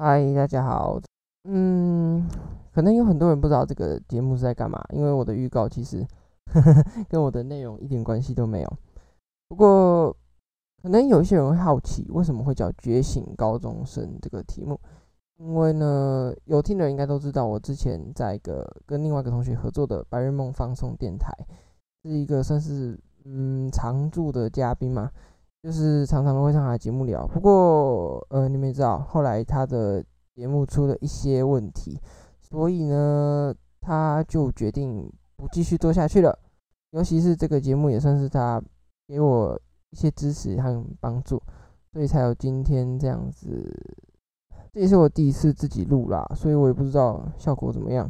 嗨，Hi, 大家好。嗯，可能有很多人不知道這個節目是在幹嘛，因為我的預告其實 跟我的內容一點關係都沒有。不過，可能有一些人會好奇為什麼會叫“覺醒高中生”這個題目，因為呢，有聽的人應該都知道，我之前在一個跟另外一個同學合作的《白日夢放鬆電台》是一個算是嗯常駐的嘉賓嘛。就是常常都會上他的節目聊，不過，呃，你們也知道，後來他的節目出了一些問題，所以呢，他就決定不繼續做下去了。尤其是這個節目也算是他給我一些支持和幫助，所以才有今天這樣子。這也是我第一次自己錄啦，所以我也不知道效果怎麼樣，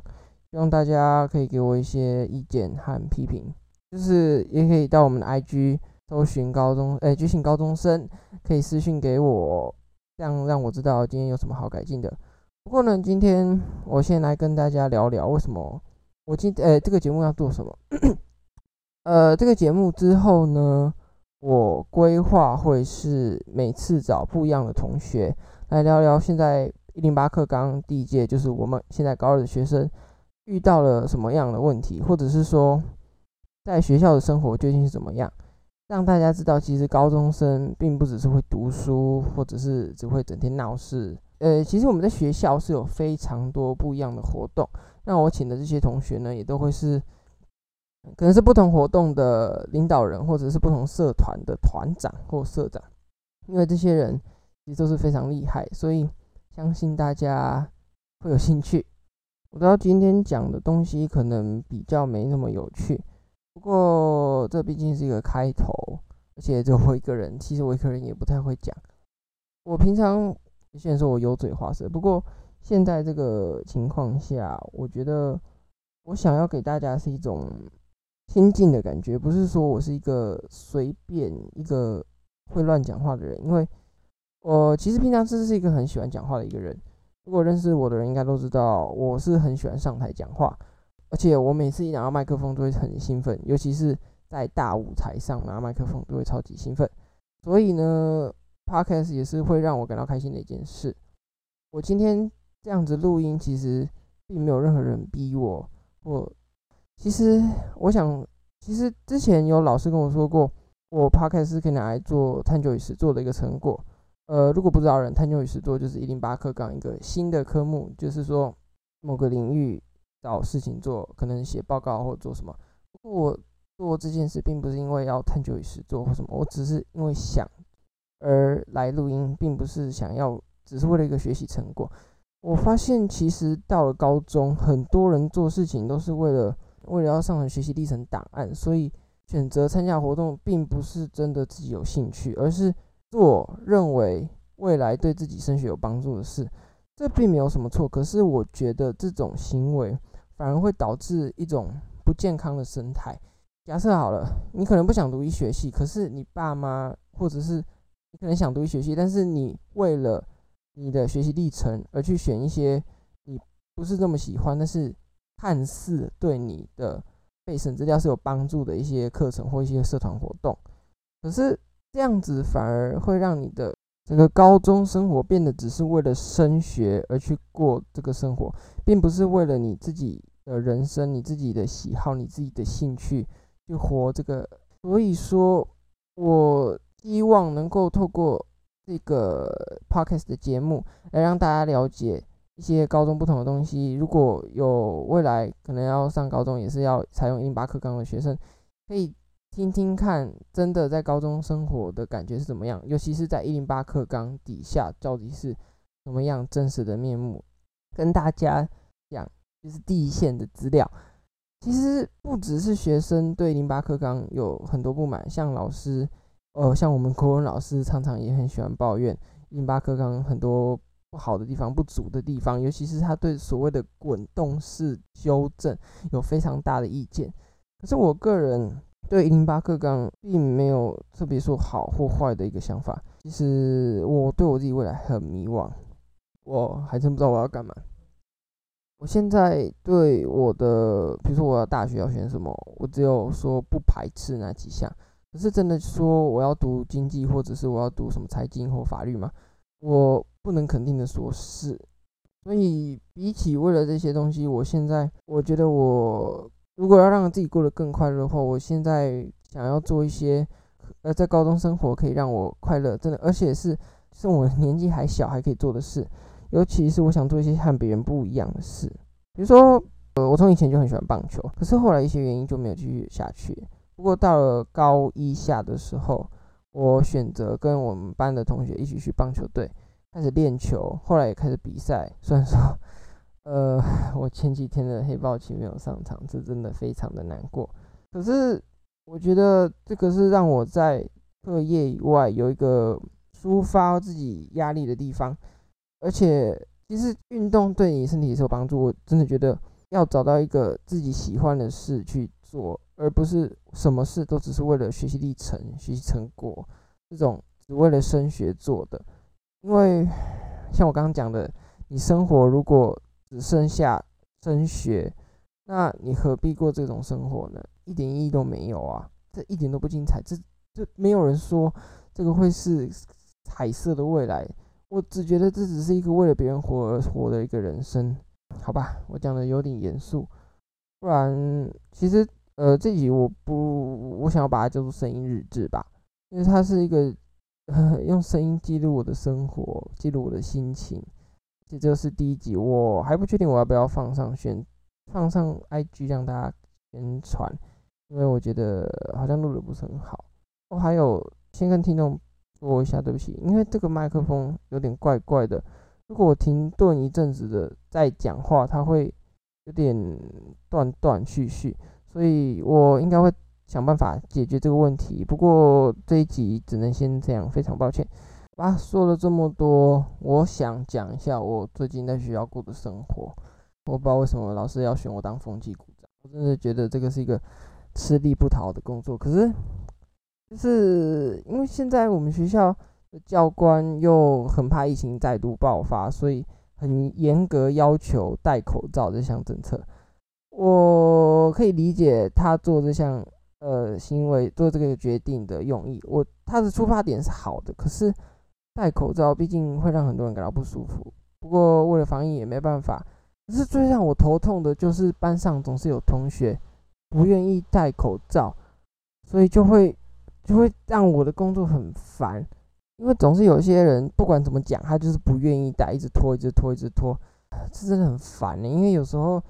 希望大家可以給我一些意見和批評，就是也可以到我們的 IG。搜尋高中，哎、欸，覺醒高中生可以私訊給我，這樣讓我知道今天有什麼好改進的。不過呢，今天我先來跟大家聊聊，為什麼我今呃、欸，這個節目要做什麼？ 呃，這個節目之後呢，我規劃會是每次找不一樣的同學來聊聊，現在一零八課綱第一屆就是我們現在高二的學生遇到了什麼樣的問題，或者是說在學校的生活究竟是怎麼樣？讓大家知道，其實高中生並不只是會讀書，或者是只會整天鬧事。呃，其實我們在學校是有非常多不一樣的活動。那我請的這些同學呢，也都會是可能是不同活動的領導人，或者是不同社團的團長或社長。因為這些人其實都是非常厲害，所以相信大家會有興趣。我知道今天講的東西可能比較沒那麼有趣。不過這畢竟是一個開頭，而且只有我一個人，其實我一個人也不太會講。我平常有些人說我油嘴滑舌，不過現在這個情況下，我覺得我想要給大家是一種親近的感覺，不是說我是一個隨便一個會亂講話的人。因為，我其實平常其實一個很喜歡講話的一個人。如果認識我的人應該都知道，我是很喜歡上台講話。而且我每次一拿到麥克風都會很興奮，尤其是在大舞台上拿麥克風都會超級興奮。所以呢，Podcast 也是會讓我感到開心的一件事。我今天這樣子錄音，其實並沒有任何人逼我。我其實我想，其實之前有老師跟我說過，我 Podcast 是可以拿來做探究與實作的一個成果。呃，如果不知道人探究與實作就是一零八課綱一個新的科目，就是說某個領域。找事情做，可能寫報告或者做什麼。不過我做這件事並不是因為要探究與實作或什麼，我只是因為想而來錄音，並不是想要，只是為了一個學習成果。我發現其實到了高中，很多人做事情都是為了為了要上傳學習歷程檔案，所以選擇參加活動並不是真的自己有興趣，而是做認為未來對自己升學有幫助的事。這並沒有什麼錯，可是我覺得這種行為，反而會導致一種不健康的生態。假設好了，你可能不想讀醫學系，可是你爸媽或者是你可能想讀醫學系，但是你為了你的學習歷程而去選一些你不是這麼喜歡，但是看似對你的備審資料是有幫助的一些課程或一些社團活動。可是這樣子反而會讓你的整個高中生活變得只是為了升學而去過這個生活，並不是為了你自己，的人生，你自己的喜好，你自己的興趣，就活這個。所以說，我希望能夠透過這個 podcast 的節目，來讓大家了解一些高中不同的東西。如果有未來可能要上高中，也是要採用一零八課綱的學生，可以聽聽看，真的在高中生活的感覺是怎麼樣，尤其是在一零八課綱底下到底是怎麼樣真實的面目，跟大家講。這是第一線的資料，其實不只是學生對零八課綱有很多不滿，像老師，呃，像我們國文老師常常也很喜歡抱怨零八課綱很多不好的地方、不足的地方，尤其是他對所謂的滾動式糾正有非常大的意見。可是我個人對零八課綱並沒有特別說好或壞的一個想法。其實我對我自己未來很迷惘，我還真不知道我要幹嘛。我現在對我的，比如說我要大學要選什麼，我只有說不排斥那幾項，可是真的說我要讀經濟或者是我要讀什麼財經或法律嗎？我不能肯定的說是。所以比起為了這些東西，我現在我覺得我如果要讓自己過得更快樂的話，我現在想要做一些呃在高中生活可以讓我快樂，真的而且是是我年紀還小還可以做的事。尤其是我想做一些和別人不一樣的事，比如說，呃，我從以前就很喜歡棒球，可是後來一些原因就沒有繼續下去。不過到了高一下的時候，我選擇跟我們班的同學一起去棒球隊開始練球，後來也開始比賽。雖然說，呃，我前幾天的黑豹旗沒有上場，這真的非常的難過。可是我覺得這個是讓我在課業以外有一個抒發自己壓力的地方。而且，其實運動對你身體是有幫助。我真的覺得，要找到一個自己喜歡的事去做，而不是什麼事都只是為了學習歷程、學習成果這種只為了升學做的。因為像我剛剛講的，你生活如果只剩下升學，那你何必過這種生活呢？一點意義都沒有啊！這一點都不精彩，這這沒有人說這個會是彩色的未來。我只覺得這只是一個為了別人活而活的一個人生，好吧，我講的有點嚴肅，不然其實呃這集我不，我想要把它叫做聲音日誌吧，因為它是一個用聲音記錄我的生活，記錄我的心情，這就是第一集，我還不確定我要不要放上宣，放上 IG 讓大家宣傳，因為我覺得好像錄的不是很好，我還有先跟聽眾。說一下，對不起，因為這個麥克風有點怪怪的。如果我停頓一陣子的再講話，它會有點斷斷續續，所以我應該會想辦法解決這個問題。不過這一集只能先這樣，非常抱歉。啊，說了這麼多，我想講一下我最近在學校過的生活。我不知道為什麼老師要選我當風紀股長，我真的覺得這個是一個吃力不討好的工作。可是。就是因為現在我們學校的教官又很怕疫情再度爆發，所以很嚴格要求戴口罩這項政策。我可以理解他做這項呃行為做這個決定的用意，我他的出發點是好的。可是戴口罩畢竟會讓很多人感到不舒服。不過為了防疫也沒辦法。可是最讓我頭痛的就是班上總是有同學不願意戴口罩，所以就會。就會讓我的工作很煩，因為總是有一些人，不管怎麼講，他就是不願意戴，一直拖，一直拖，一直拖，這真的很煩呢。因為有時候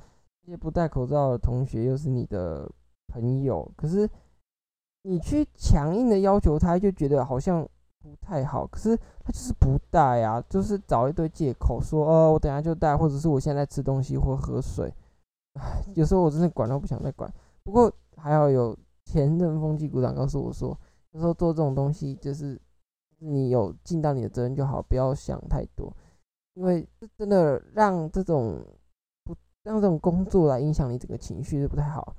一些不戴口罩的同學又是你的朋友，可是你去強硬的要求他，就覺得好像不太好。可是他就是不戴啊，就是找一堆借口說：“哦、呃，我等下就戴，或者是我現在在吃東西或喝水。”有時候我真的管都不想再管。不過還好有前任風紀股長告訴我說。說做這種東西，就是你有盡到你的責任就好，不要想太多，因為真的讓這種不讓這種工作來影響你整個情緒是不太好。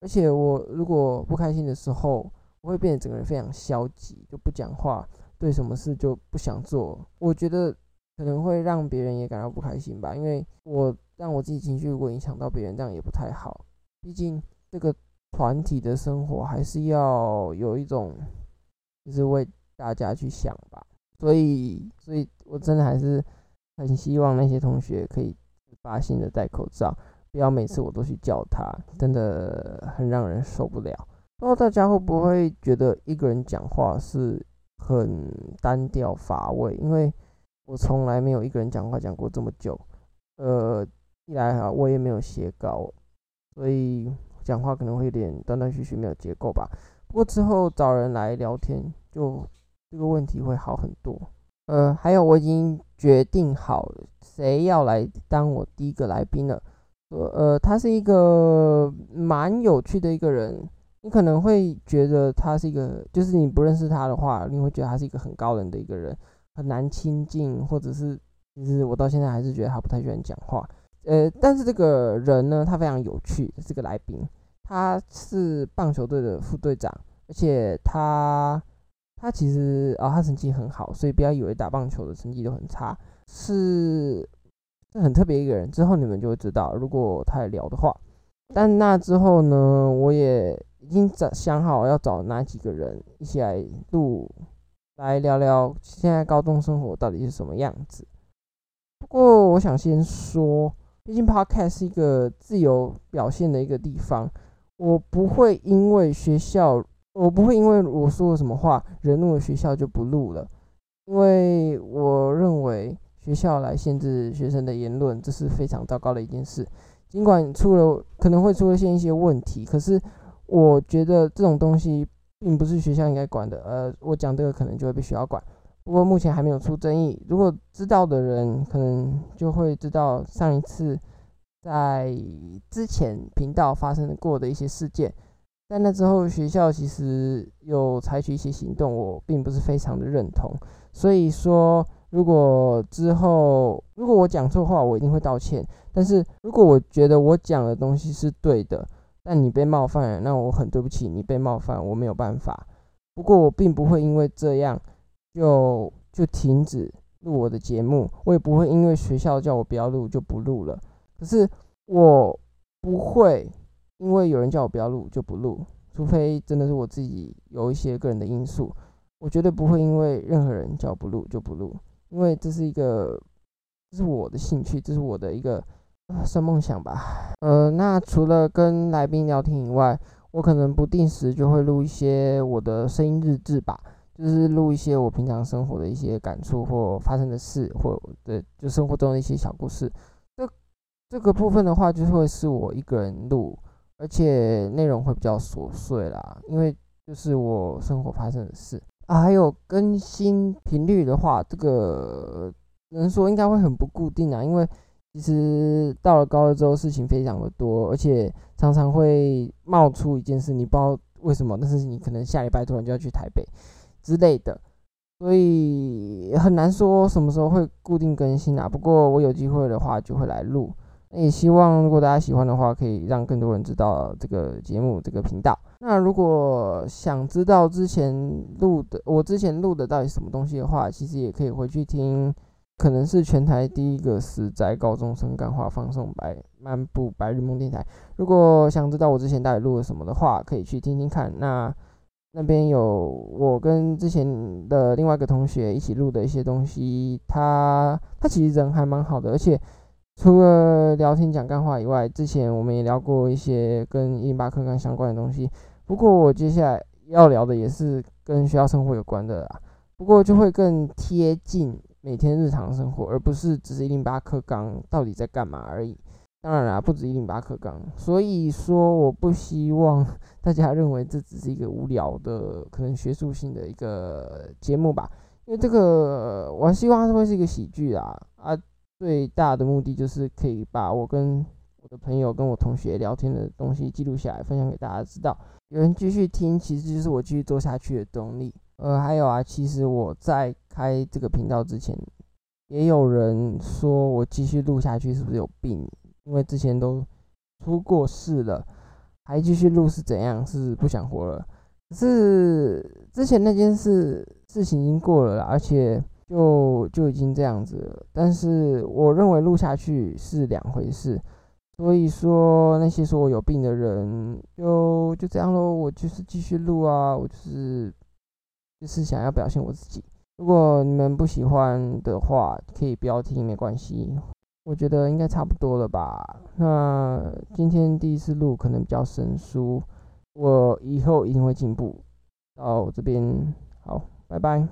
而且我如果不開心的時候，我會變得整個人非常消極，就不講話，對什麼事就不想做。我覺得可能會讓別人也感到不開心吧，因為我讓我自己情緒如果影響到別人，這樣也不太好。畢竟這個團體的生活還是要有一種。就是為大家去想吧，所以，所以我真的還是很希望那些同學可以自發性的戴口罩，不要每次我都去叫他，真的很讓人受不了。不知道大家會不會覺得一個人講話是很單調乏味？因為我從來沒有一個人講話講過這麼久，呃，一來哈，我也沒有寫稿，所以講話可能會有點斷斷續續，沒有結構吧。不過之後找人來聊天，就這個問題會好很多。呃，還有我已經決定好誰要來當我第一個來賓了。呃，呃，他是一個蠻有趣的一個人，你可能會覺得他是一個，就是你不認識他的話，你會覺得他是一個很高冷的一個人，很難親近，或者是其實我到現在還是覺得他不太喜歡講話。呃，但是這個人呢，他非常有趣，是個來賓。他是棒球隊的副隊長，而且他他其實啊、哦、他成績很好，所以不要以為打棒球的成績都很差，是這很特別一個人。之後你們就會知道，如果他還聊的話，但那之後呢，我也已經想好要找哪幾個人一起來錄，來聊聊現在高中生活到底是什麼樣子。不過我想先說，畢竟 Podcast 是一個自由表現的一個地方。我不會因為學校，我不會因為我說了什麼話惹怒了學校就不錄了，因為我認為學校來限制學生的言論，這是非常糟糕的一件事。儘管出了可能會出現一些問題，可是我覺得這種東西並不是學校應該管的。呃，我講這個可能就會被學校管，不過目前還沒有出爭議。如果知道的人可能就會知道上一次，在之前頻道發生過的一些事件，但那之後，學校其實有採取一些行動，我並不是非常的認同。所以說，如果之後，如果我講錯話，我一定會道歉。但是如果我覺得我講的東西是對的，但你被冒犯了，那我很對不起你被冒犯，我沒有辦法。不過我並不會因為這樣就就停止錄我的節目，我也不會因為學校叫我不要錄就不錄了。可是我不會，因為有人叫我不要錄就不錄，除非真的是我自己有一些個人的因素，我絕對不會因為任何人叫我不錄就不錄，因為這是一個，這是我的興趣，這是我的一個算、呃、夢想吧。呃，那除了跟來賓聊天以外，我可能不定時就會錄一些我的聲音日誌吧，就是錄一些我平常生活的一些感觸或發生的事，或的就生活中的一些小故事。這個部分的話，就會是我一個人錄，而且內容會比較瑣碎啦，因為就是我生活發生的事啊。還有更新頻率的話，這個能說應該會很不固定啊，因為其實到了高二之後，事情非常的多，而且常常會冒出一件事，你不知道為什麼，但是你可能下禮拜突然就要去台北之類的，所以很難說什麼時候會固定更新啊。不過我有機會的話，就會來錄。也希望，如果大家喜歡的話，可以讓更多人知道這個節目、這個頻道。那如果想知道之前錄的，我之前錄的到底什麼東西的話，其實也可以回去聽。可能是全台第一個死宅高中生幹話放送白漫步白日夢電台。如果想知道我之前到底錄了什麼的話，可以去聽聽看。那那邊有我跟之前的另外一個同學一起錄的一些東西。他他其實人還蠻好的，而且。除了聊天講幹話以外，之前我們也聊過一些跟一零八課綱相關的東西。不過我接下來要聊的也是跟學校生活有關的啦，不過就會更貼近每天日常生活，而不是只是一零八課綱到底在幹嘛而已。當然啦，不止一零八課綱，所以說我不希望大家認為這只是一個無聊的、可能學術性的一個節目吧，因為這個我希望它會是一個喜劇啊啊。最大的目的就是可以把我跟我的朋友、跟我同學聊天的東西記錄下來，分享給大家。知道有人繼續聽，其實就是我繼續做下去的動力。呃，還有啊，其實我在開這個頻道之前，也有人說我繼續錄下去是不是有病？因為之前都出過事了，還繼續錄是怎樣？是不想活了？可是之前那件事事情已經過了啦，而且。就就已經這樣子了，但是我認為錄下去是兩迴事，所以說那些說我有病的人就就這樣咯。我就是繼續錄啊，我就是就是想要表現我自己。如果你們不喜歡的話，可以不要聽，沒關係。我覺得應該差不多了吧。那今天第一次錄可能比較生疏，我以後一定會進步。到這邊，好，拜拜。